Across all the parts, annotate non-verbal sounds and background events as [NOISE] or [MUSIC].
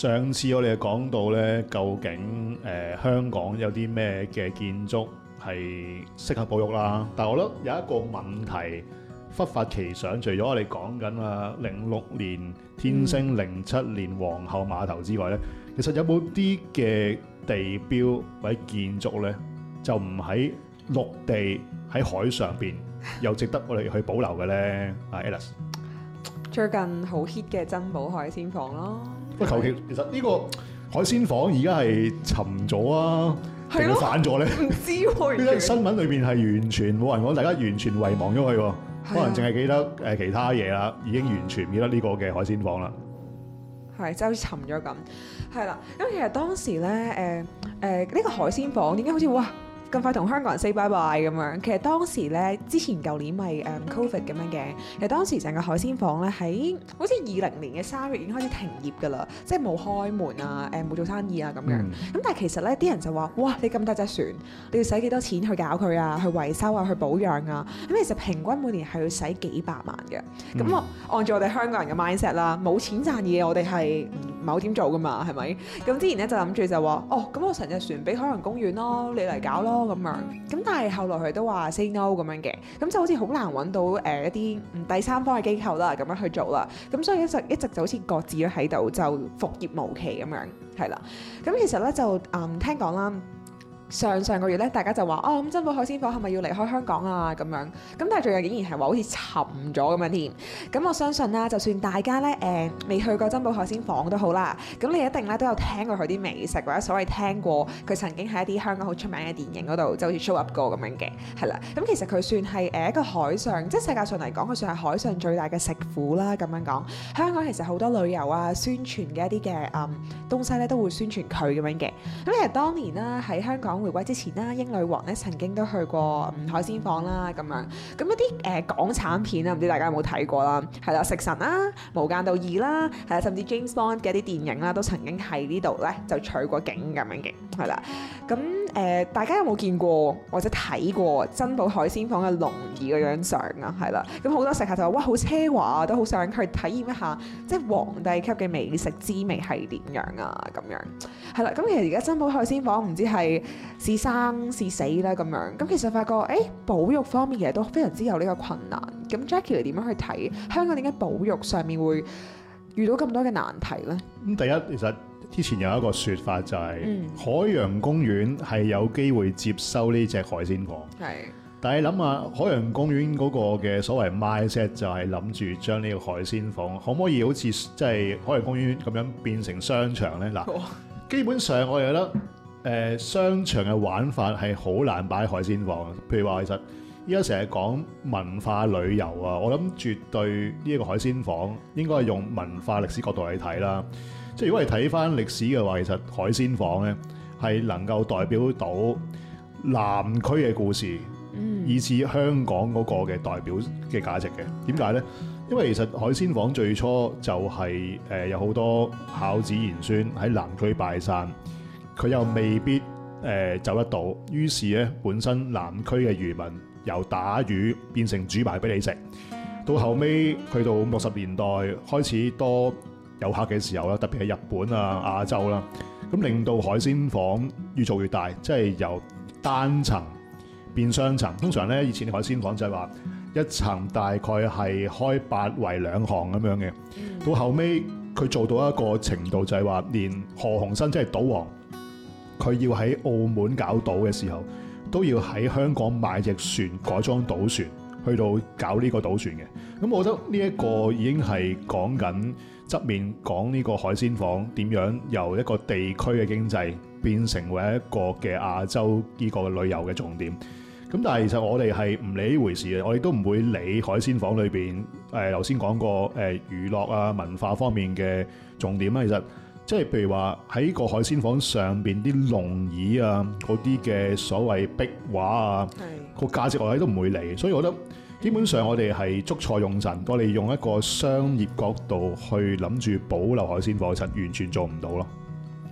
上次我哋講到咧，究竟誒香港有啲咩嘅建築係適合保育啦？但係我覺得有一個問題忽發奇想，除咗我哋講緊啊零六年天星、零七年皇后碼頭之外咧，其實有冇啲嘅地標或者建築咧，就唔喺陸地喺海上邊，又值得我哋去保留嘅咧？啊，Alice 最近好 hit 嘅珍寶海鮮舫咯～不求其，其實呢個海鮮舫而家係沉咗啊，定反咗咧？唔知喎，依家新聞裏邊係完全冇人講，大家完全遺忘咗佢喎，可能淨係記得誒其他嘢啦，已經完全唔記得呢個嘅海鮮舫啦。係、即係，真係好似沉咗咁。係啦，咁其實當時咧，誒誒呢個海鮮舫點解好似哇？咁快同香港人 say bye bye 咁樣，其實當時咧，之前舊年咪 Covid 咁樣嘅，19，其實當時成個海鮮舫咧，喺好似二零年嘅三月已經開始停業㗎喇，即係冇開門啊，誒冇做生意啊咁樣。咁、嗯、但係其實咧，啲人就話：哇，你咁大隻船，你要使幾多錢去搞佢啊？去維修啊？去保養啊？咁其實平均每年係要使幾百萬嘅。咁、嗯、我按照我哋香港人嘅 mindset 啦，冇錢賺嘢，我哋係。某點做噶嘛，係咪？咁之前咧就諗住就話，哦，咁我成隻船俾海洋公園咯，你嚟搞咯咁樣。咁但係後來佢都話 say no 咁樣嘅，咁就好似好難揾到誒一啲第三方嘅機構啦，咁樣去做啦。咁所以一直一直就好似各自喺度就復業無期咁樣，係啦。咁其實咧就誒、嗯、聽講啦。上上個月咧，大家就話哦，咁珍寶海鮮舫係咪要離開香港啊？咁樣，咁但係最近竟然係話好似沉咗咁樣添。咁我相信啦，就算大家咧誒未去過珍寶海鮮舫都好啦，咁你一定咧都有聽過佢啲美食或者所謂聽過佢曾經喺一啲香港好出名嘅電影嗰度就好似 show up 過咁樣嘅，係啦。咁其實佢算係誒一個海上，即係世界上嚟講，佢算係海上最大嘅食府啦。咁樣講，香港其實好多旅遊啊、宣傳嘅一啲嘅誒東西咧，都會宣傳佢咁樣嘅。咁其實當年啦喺香港。回歸之前啦，英女王咧曾經都去過嗯海鮮舫啦，咁樣咁一啲誒、呃、港產片啦，唔知大家有冇睇過啦，係啦食神啦、無間道二啦，係啦甚至 James Bond 嘅一啲電影啦，都曾經喺呢度咧就取過景咁樣嘅，係啦咁。誒，大家有冇見過或者睇過珍寶海鮮舫嘅龍兒個樣相啊？係啦，咁好多食客就話哇，好奢華都好想去體驗一下，即係皇帝級嘅美食滋味係點樣啊？咁樣係啦，咁其實而家珍寶海鮮舫唔知係是，是生是死啦咁樣，咁其實發覺誒、哎，保育方面其實都非常之有呢個困難。咁 Jacky 你點樣去睇香港點解保育上面會遇到咁多嘅難題呢？咁第一其實。之前有一個説法就係、是、海洋公園係有機會接收呢隻海鮮舫，係的。但係諗下海洋公園嗰個嘅所謂 my set 就係諗住將呢個海鮮舫可唔可以好似即係海洋公園咁樣變成商場呢？嗱， [LAUGHS] 基本上我覺得誒商場嘅玩法係好難擺喺海鮮舫。譬如話其實依家成日講文化旅遊啊，我諗絕對呢一個海鮮舫應該係用文化歷史角度去睇啦。即係如果係睇翻歷史嘅話，其實海鮮舫咧係能夠代表到南區嘅故事，以至香港嗰個嘅代表嘅價值嘅。點解咧？因為其實海鮮舫最初就係誒有好多孝子賢孫喺南區拜山，佢又未必誒走得到，於是咧本身南區嘅漁民由打魚變成煮埋俾你食，到後尾去到六十年代開始多。遊客嘅時候啦，特別係日本啊、亞洲啦，咁令到海鮮舫越做越大，即係由單層變雙層。通常呢，以前啲海鮮舫就係話一層大概係開八圍兩行咁樣嘅，到後尾佢做到一個程度就係話，連何鴻燊即係賭王，佢要喺澳門搞賭嘅時候，都要喺香港買隻船改裝賭船。去到搞呢個島船嘅，咁我覺得呢一個已經係講緊側面講呢個海鮮舫點樣由一個地區嘅經濟變成為一個嘅亞洲依個旅遊嘅重點，咁但係其實我哋係唔理呢回事嘅，我亦都唔會理海鮮舫裏邊誒頭先講過誒娛樂啊、文化方面嘅重點啊，其實。即係譬如話喺個海鮮舫上邊啲龍椅啊，嗰啲嘅所謂壁畫啊，個是的 價值我喺都唔會嚟，所以我覺得基本上我哋係捉錯用神，我哋用一個商業角度去諗住保留海鮮舫，完全做唔到咯。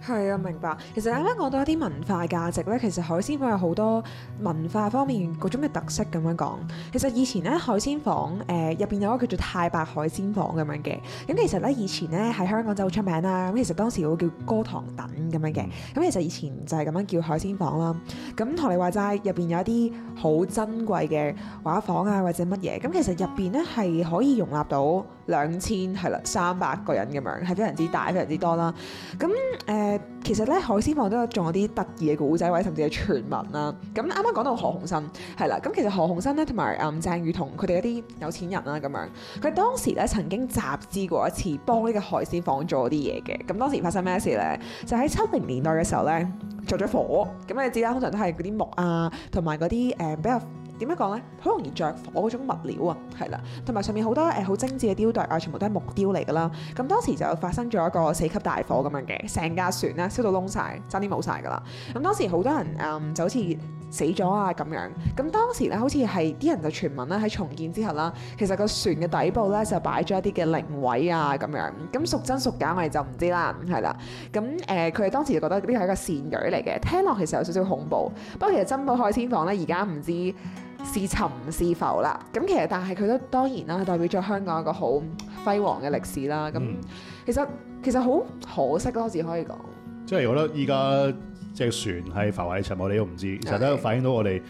係啊，明白。其實啱啱講到一啲文化價值咧，其實海鮮舫有好多文化方面各種嘅特色咁樣講。其實以前咧，海鮮舫誒入邊有一個叫做太白海鮮舫咁樣嘅。咁其實咧，以前咧喺香港就好出名啦。咁其實當時會叫歌堂等咁樣嘅。咁其實以前就係咁樣叫海鮮舫啦。咁同你話齋，入邊有一啲好珍貴嘅畫舫啊，或者乜嘢。咁其實入邊咧係可以容納到兩千係啦，三百個人咁樣，係非常之大，非常之多啦。咁誒、呃，其實咧海鮮舫都有種嗰啲得意嘅古仔位，甚至係傳聞啦。咁啱啱講到何鴻燊係啦，咁其實何鴻燊咧同埋誒鄭裕彤佢哋一啲有錢人啦咁樣，佢當時咧曾經集資過一次幫呢個海鮮舫做啲嘢嘅。咁當時發生咩事咧？就喺七零年代嘅時候咧着咗火。咁你知啦，通常都係嗰啲木啊同埋嗰啲誒比較。點樣講呢？好容易着火嗰種物料啊，係啦，同埋上面好多誒好、呃、精緻嘅雕琢啊，全部都係木雕嚟噶啦。咁當時就發生咗一個四級大火咁樣嘅，成架船咧燒到窿晒，爭啲冇晒噶啦。咁當時好多人誒、呃、就好似死咗啊咁樣。咁當時咧好似係啲人就傳聞啦，喺重建之後啦，其實個船嘅底部咧就擺咗一啲嘅靈位啊咁樣。咁屬真屬假我哋就唔知啦，係啦。咁誒佢哋當時就覺得呢個係一個善舉嚟嘅，聽落其實有少少恐怖。不過其實珍寶海鮮舫咧而家唔知。是沉是浮啦，咁其實但係佢都當然啦，代表咗香港一個好輝煌嘅歷史啦。咁其實其實好可惜，只可以講，即係我覺得依家隻船係浮喺沉，我哋都唔知，其實都反映到我哋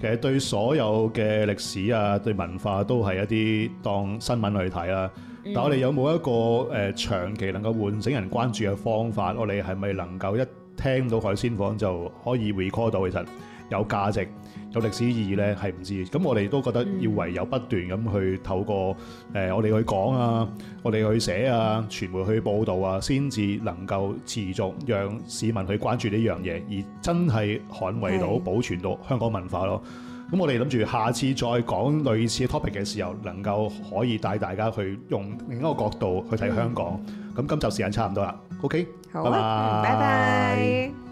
其實對所有嘅歷史啊，對文化都係一啲當新聞去睇啦。但係我哋有冇一個誒長期能夠喚醒人關注嘅方法？我哋係咪能夠一聽到海鮮舫就可以 recall 到其實？有價值、有歷史意義呢，係唔知。咁我哋都覺得要唯有不斷咁去透過誒，我哋去講啊，我哋去寫啊，傳媒去報導啊，先至能夠持續讓市民去關注呢樣嘢，而真係捍衞到、保存到香港文化咯。咁我哋諗住下次再講類似嘅 topic 嘅時候，能夠可以帶大家去用另一個角度去睇香港。咁今集時間差唔多啦，OK，好，拜拜。